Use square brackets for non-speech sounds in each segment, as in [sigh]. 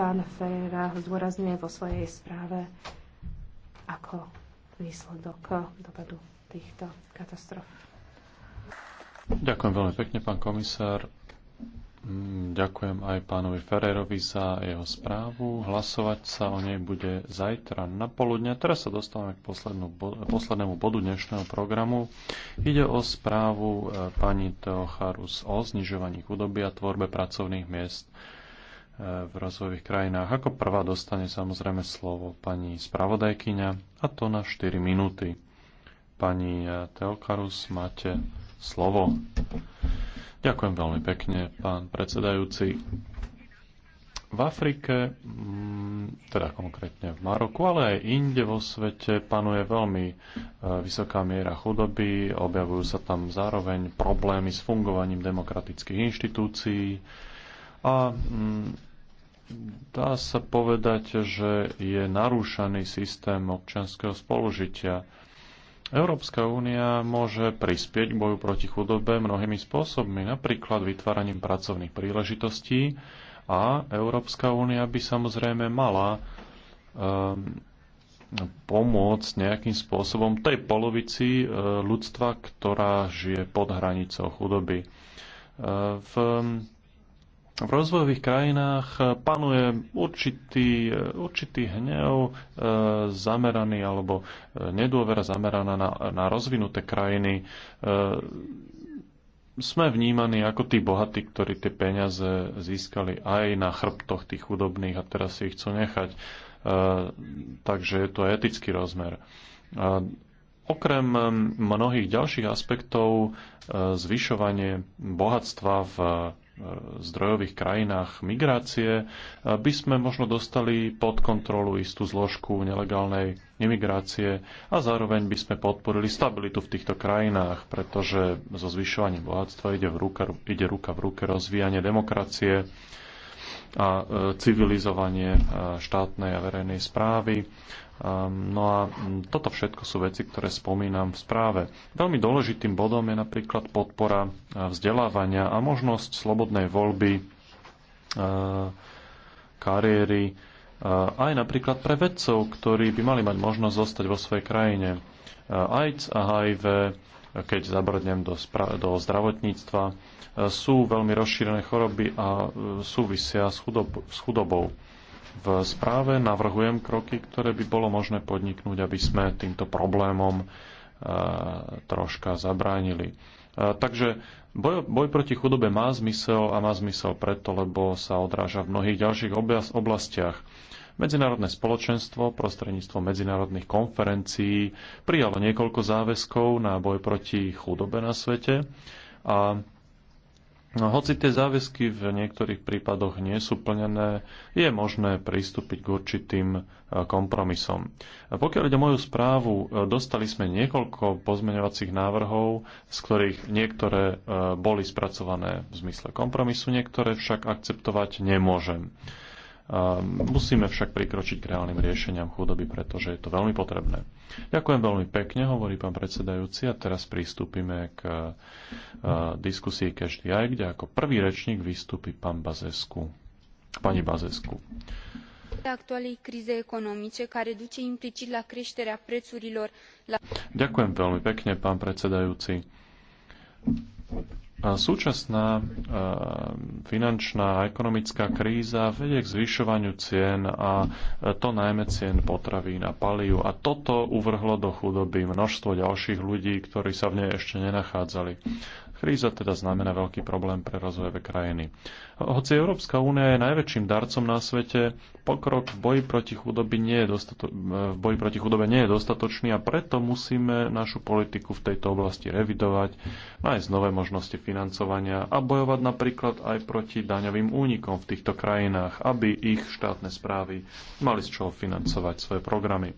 pán Ferreira zdôrazňuje vo svojej správe ako výsledok dopadu týchto katastrof. Ďakujem veľmi pekne, pán komisár. Mm, ďakujem aj pánovi Ferrerovi za jeho správu. Hlasovať sa o nej bude zajtra na poludne. Teraz sa dostávame k poslednému bodu dnešného programu. Ide o správu e, pani Teocharus o znižovaní chudoby a tvorbe pracovných miest v rozvojových krajinách. Ako prvá dostane samozrejme slovo pani spravodajkyňa a to na 4 minúty. Pani eh, Teokarus, máte slovo. Ďakujem veľmi pekne, pán predsedajúci. V Afrike, mm, teda konkrétne v Maroku, ale aj inde vo svete panuje veľmi eh, vysoká miera chudoby, objavujú sa tam zároveň problémy s fungovaním demokratických inštitúcií a mm, dá sa povedať, že je narúšaný systém občanského spolužitia. Európska únia môže prispieť k boju proti chudobe mnohými spôsobmi, napríklad vytváraním pracovných príležitostí a Európska únia by samozrejme mala um, pomôcť nejakým spôsobom tej polovici e, ľudstva, ktorá žije pod hranicou chudoby. E, v v rozvojových krajinách panuje určitý, určitý hnev e, zameraný alebo e, nedôvera zameraná na, na rozvinuté krajiny. E, sme vnímaní ako tí bohatí, ktorí tie peniaze získali aj na chrbtoch tých chudobných a teraz si ich chcú nechať. Takže je to etický rozmer. Okrem mnohých ďalších aspektov zvyšovanie bohatstva v zdrojových krajinách migrácie, by sme možno dostali pod kontrolu istú zložku nelegálnej imigrácie a zároveň by sme podporili stabilitu v týchto krajinách, pretože so zvyšovaním bohatstva ide, v ruka, ide ruka v ruke rozvíjanie demokracie, a e, civilizovanie e, štátnej a verejnej správy. E, no a toto všetko sú veci, ktoré spomínam v správe. Veľmi dôležitým bodom je napríklad podpora vzdelávania a možnosť slobodnej voľby kariéry aj napríklad pre vedcov, ktorí by mali mať možnosť zostať vo svojej krajine. AIDS a HIV keď zabrdnem do, do zdravotníctva, e, sú veľmi rozšírené choroby a e, súvisia s, chudob- s chudobou. V správe navrhujem kroky, ktoré by bolo možné podniknúť, aby sme týmto problémom e, troška zabránili. Takže boj, boj proti chudobe má zmysel a má zmysel preto, lebo sa odráža v mnohých ďalších oblastiach. Medzinárodné spoločenstvo prostredníctvom medzinárodných konferencií prijalo niekoľko záväzkov na boj proti chudobe na svete a No, hoci tie záväzky v niektorých prípadoch nie sú plnené, je možné pristúpiť k určitým e, kompromisom. A pokiaľ ide o moju správu, e, dostali sme niekoľko pozmeňovacích návrhov, z ktorých niektoré e, boli spracované v zmysle kompromisu, niektoré však akceptovať nemôžem. Musíme však prikročiť k reálnym riešeniam chudoby, pretože je to veľmi potrebné. Ďakujem veľmi pekne, hovorí pán predsedajúci, a teraz pristúpime k diskusii Každý aj, kde ako prvý rečník vystúpi pán Bazesku. Pani Bazesku. duce implicit la prețurilor la... Ďakujem veľmi pekne, pán predsedajúci. Súčasná e, finančná a ekonomická kríza vedie k zvyšovaniu cien a e, to najmä cien potravín a palív. A toto uvrhlo do chudoby množstvo ďalších ľudí, ktorí sa v nej ešte nenachádzali. Kríza teda znamená veľký problém pre rozvojové krajiny. Hoci Európska únia je najväčším darcom na svete, pokrok v boji proti chudobe nie je, dostato- v boji proti chudobe nie je dostatočný a preto musíme našu politiku v tejto oblasti revidovať, nájsť nové možnosti financovania a bojovať napríklad aj proti daňovým únikom v týchto krajinách, aby ich štátne správy mali z čoho financovať svoje programy.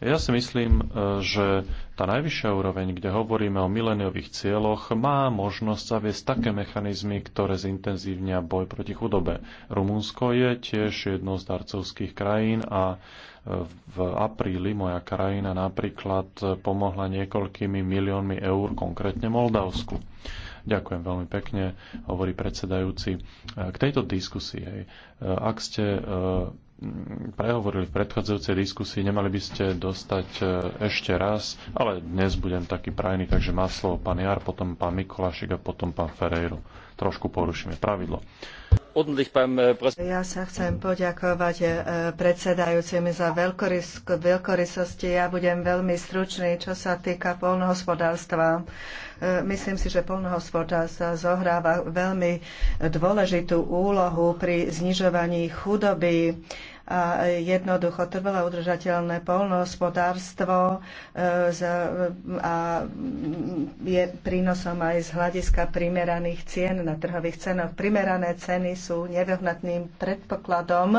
Ja si myslím, eh, že tá najvyššia úroveň, kde hovoríme o mileniových cieľoch, má možnosť zaviesť také mechanizmy, ktoré zintenzívnia boj proti chudobe. Rumunsko je tiež jedno z darcovských krajín a e, v apríli moja krajina napríklad pomohla niekoľkými miliónmi eur, konkrétne Moldavsku. Ďakujem veľmi pekne, hovorí predsedajúci. E, k tejto diskusii, hej, e, ak ste prehovorili v predchádzajúcej diskusii, nemali by ste dostať ešte raz, a ale dnes budem taký prajný, takže má slovo pán Jar, potom pán Mikolašik a potom pán Ferreiro. Trošku porušíme pravidlo. Eh, ja sa chcem poďakovať eh, predsedajúcim za veľkorysosti. Ja budem veľmi stručný, čo sa týka polnohospodárstva. Eh, myslím si, že polnohospodárstva zohráva veľmi dôležitú úlohu pri znižovaní chudoby a jednoducho trvalé udržateľné polnohospodárstvo e, a je prínosom aj z hľadiska primeraných cien na trhových cenoch. Primerané ceny sú nevyhnutným predpokladom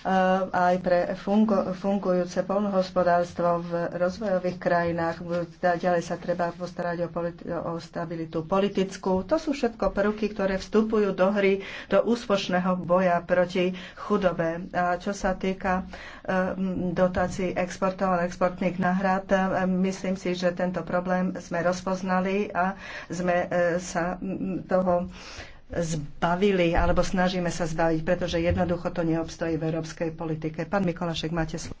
Eh, aj pre fungo, fungujúce polnohospodárstvo v rozvojových krajinách. Teda ďalej sa treba postarať o, politi- o stabilitu politickú. To sú všetko prvky, ktoré vstupujú do hry do úspošného boja proti chudobe. A čo sa týka eh, dotácií exportov a exportných náhrad, eh, myslím si, že tento problém sme rozpoznali a sme sa toho zbavili, alebo snažíme sa zbaviť, pretože jednoducho to neobstojí v európskej politike. Pán Mikolašek, máte slovo.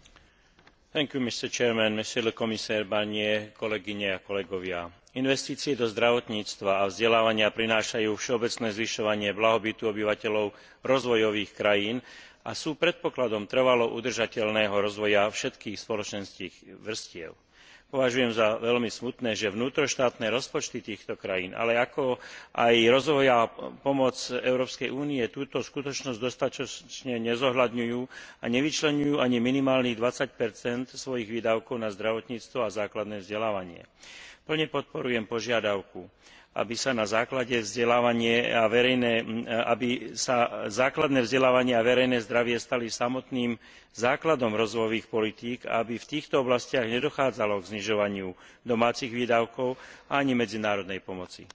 Thank you, Mr. Chairman, Monsieur le Commissaire Barnier, kolegyne a kolegovia. Investície do zdravotníctva a vzdelávania prinášajú všeobecné zvyšovanie blahobytu obyvateľov rozvojových krajín a sú predpokladom trvalo udržateľného rozvoja všetkých spoločenských vrstiev považujem za veľmi smutné že vnútroštátne rozpočty týchto krajín ale ako aj rozvojová pomoc európskej únie túto skutočnosť dostatočne nezohľadňujú a nevyčleňujú ani minimálnych twenty svojich výdavkov na zdravotníctvo a základné vzdelávanie. plne podporujem požiadavku aby sa na základe vzdelávanie a verejné, e, aby sa základné vzdelávanie a verejné zdravie stali samotným základom rozvojových politík a aby v týchto oblastiach nedochádzalo k znižovaniu domácich výdavkov ani medzinárodnej pomoci.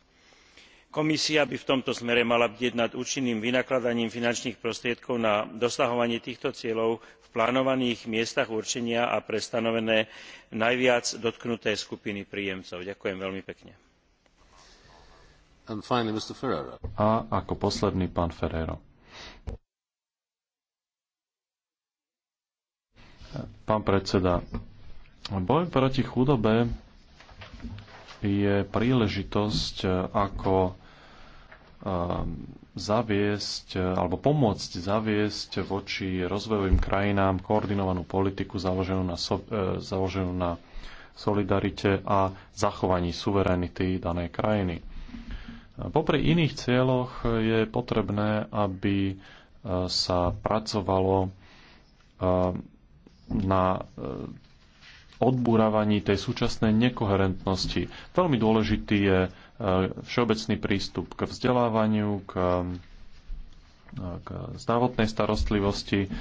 komisia by v tomto smere mala bdieť nad účinným vynakladaním finančných prostriedkov na dosahovanie týchto cieľov v plánovaných miestach určenia a pre stanovené najviac dotknuté skupiny príjemcov. ďakujem veľmi pekne. Finally, A ako posledný pán Ferrero. Pán predseda, boj proti chudobe je príležitosť, eh, ako ehm, zaviesť eh, alebo pomôcť zaviesť voči rozvojovým krajinám koordinovanú politiku založenú na, so, eh, založenú na solidarite a zachovaní suverenity danej krajiny. Popri iných cieľoch je potrebné, aby e, sa pracovalo e, na e, odburávaní tej súčasnej nekoherentnosti. Veľmi dôležitý je všeobecný prístup k vzdelávaniu, k, k zdravotnej starostlivosti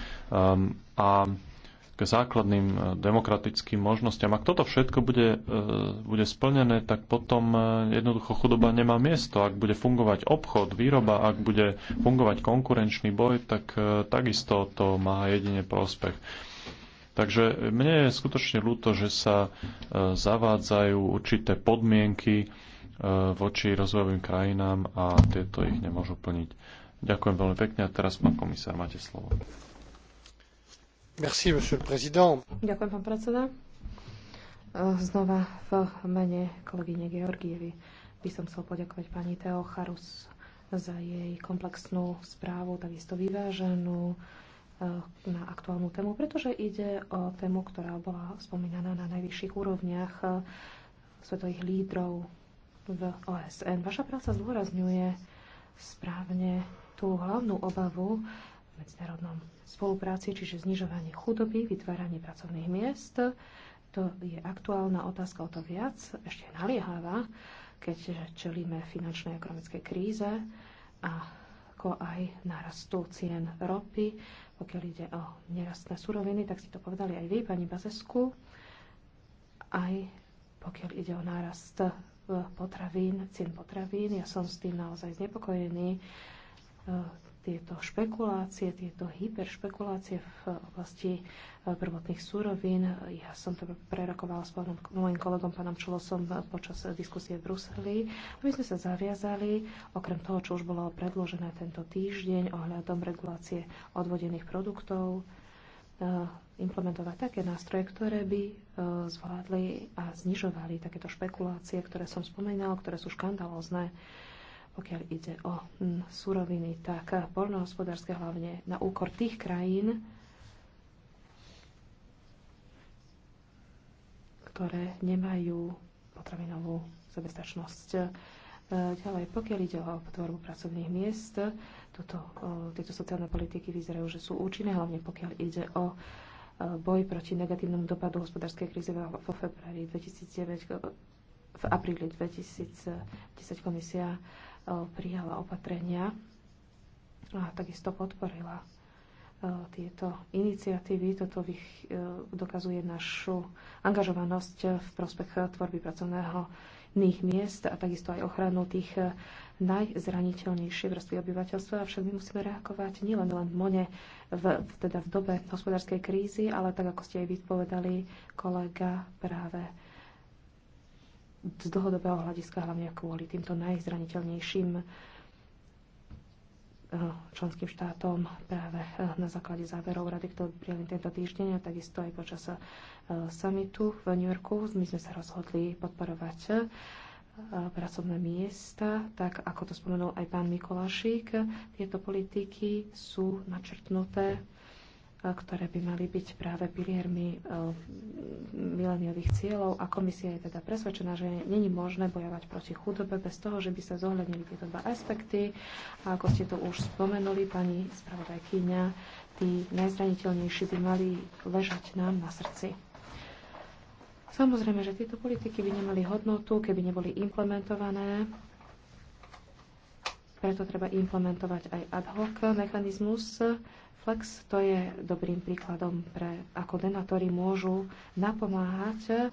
a k základným e, demokratickým možnostiam. Ak toto všetko bude, e, bude splnené, tak potom e, jednoducho chudoba nemá miesto. Ak bude fungovať obchod, výroba, ak bude fungovať konkurenčný boj, tak takisto to má jedine prospech. Takže mne je skutočne ľúto, že sa zavádzajú určité podmienky voči rozvojovým krajinám a tieto ich nemôžu plniť. Ďakujem veľmi pekne a teraz, pán komisár, máte slovo monsieur le président. Ďakujem, pán predseda. Eh, znova v mene kolegyne Georgievy by som chcel poďakovať pani Teo Charus za jej komplexnú správu, takisto vyváženú eh, na aktuálnu tému, pretože ide o tému, ktorá bola spomínaná na najvyšších úrovniach eh, svetových lídrov v OSN. Vaša práca zdôrazňuje správne tú hlavnú obavu, medzinárodnom spolupráci, čiže znižovanie chudoby, vytváranie pracovných miest. To je aktuálna otázka o to viac, ešte naliehavá, keď čelíme finančnej a ekonomickej kríze a ako aj narastu cien ropy, pokiaľ ide o nerastné suroviny, tak si to povedali aj vy, pani Bazesku, aj pokiaľ ide o nárast e, potravín, cien potravín. Ja som s tým naozaj znepokojený e, tieto špekulácie, tieto hyperšpekulácie v oblasti eh, prvotných súrovín. Ja som to prerokovala s môjim kolegom pánom Čulosom eh, počas eh, diskusie v Bruseli. My sme sa zaviazali, okrem toho, čo už bolo predložené tento týždeň ohľadom regulácie odvodených produktov, implementovať také nástroje, ktoré by zvládli a znižovali takéto špekulácie, ktoré som spomínala, ktoré sú škandalózne pokiaľ ide o mm, suroviny, tak eh, poľnohospodárske hlavne na úkor tých krajín, ktoré nemajú potravinovú sebestačnosť. Eh, ďalej, pokiaľ ide o tvorbu pracovných miest, toto, eh, tieto sociálne politiky vyzerajú, že sú účinné, hlavne pokiaľ ide o boj proti negatívnemu dopadu hospodárskej kríze vo februári 2009 v apríli 2010 komisia e, prijala opatrenia a takisto podporila e, tieto iniciatívy. Toto e, dokazuje našu angažovanosť v prospech tvorby pracovného iných miest a takisto aj ochranu tých najzraniteľnejších vrstvy obyvateľstva. Avšak my musíme reagovať nielen len v mone, v, teda v dobe hospodárskej krízy, ale tak, ako ste aj vypovedali, kolega práve z dlhodobého hľadiska, hlavne kvôli týmto najzraniteľnejším eh, členským štátom práve eh, na základe záverov rady, ktoré prijali tento týždeň a takisto aj počas eh, samitu v New Yorku. My sme sa rozhodli podporovať pracovné miesta, tak ako to spomenul aj pán Mikolášik. Tieto politiky sú načrtnuté ktoré by mali byť práve piliermi e, mileniových cieľov a komisia je teda presvedčená, že není možné bojovať proti chudobe bez toho, že by sa zohľadnili tieto dva aspekty. A ako ste to už spomenuli, pani spravodajkyňa, tí najzraniteľnejší by mali ležať nám na srdci. Samozrejme, že tieto politiky by nemali hodnotu, keby neboli implementované preto treba implementovať aj ad hoc mechanizmus. Flex to je dobrým príkladom pre ako denatóri môžu napomáhať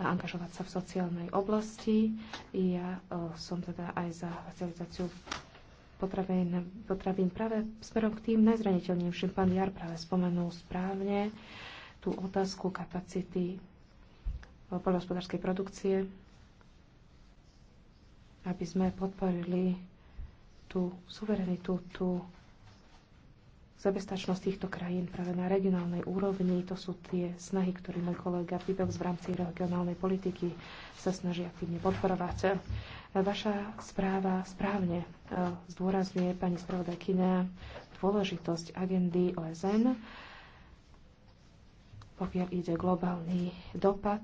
a angažovať sa v sociálnej oblasti. Ja o, e, som teda aj za facilitáciu potravín, potravín práve smerom k tým najzraniteľnejším. Pán Jar práve spomenul správne tú otázku kapacity e, poľnohospodárskej produkcie, aby sme podporili tú suverenitu, tú zabezpečnosť týchto krajín práve na regionálnej úrovni. To sú tie snahy, ktoré môj kolega Pibels v rámci regionálnej politiky sa snaží aktívne podporovať. Vaša správa správne e, zdôrazňuje pani spravodajkyňa dôležitosť agendy OSN, pokiaľ ide globálny dopad.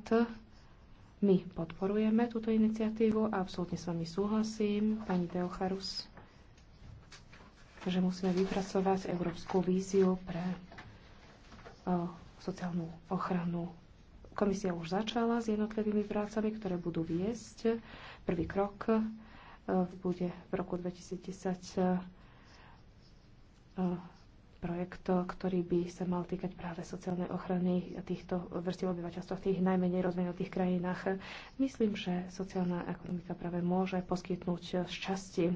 My podporujeme túto iniciatívu a absolútne s vami súhlasím. Pani Teocharus že musíme vypracovať európsku víziu pre e, sociálnu ochranu. Komisia už začala s jednotlivými prácami, ktoré budú viesť. Prvý krok e, bude v roku 2010 e, projekt, ktorý by sa mal týkať práve sociálnej ochrany týchto vrstiev obyvateľstva v tých najmenej rozvinutých krajinách. Myslím, že sociálna ekonomika práve môže poskytnúť šťastie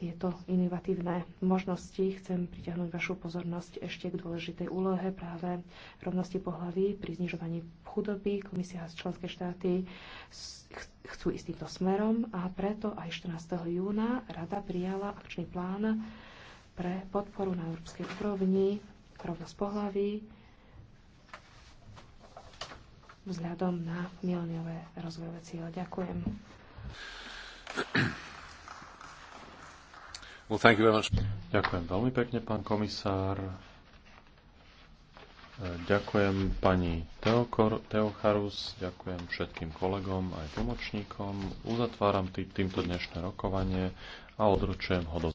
tieto inovatívne možnosti. Chcem priťahnuť vašu pozornosť ešte k dôležitej úlohe práve rovnosti pohlaví pri znižovaní chudoby. Komisia a členské štáty chcú ísť týmto smerom a preto aj 14. júna Rada prijala akčný plán pre podporu na európskej úrovni rovnosť pohlaví vzhľadom na milniové rozvojové cieľe. Ďakujem. [clears throat] Well, thank you very much. Ďakujem veľmi pekne, pán komisár. Ďakujem pani Teokor, Teocharus, ďakujem všetkým kolegom aj tlmočníkom. Uzatváram tý, týmto dnešné rokovanie a odručujem ho do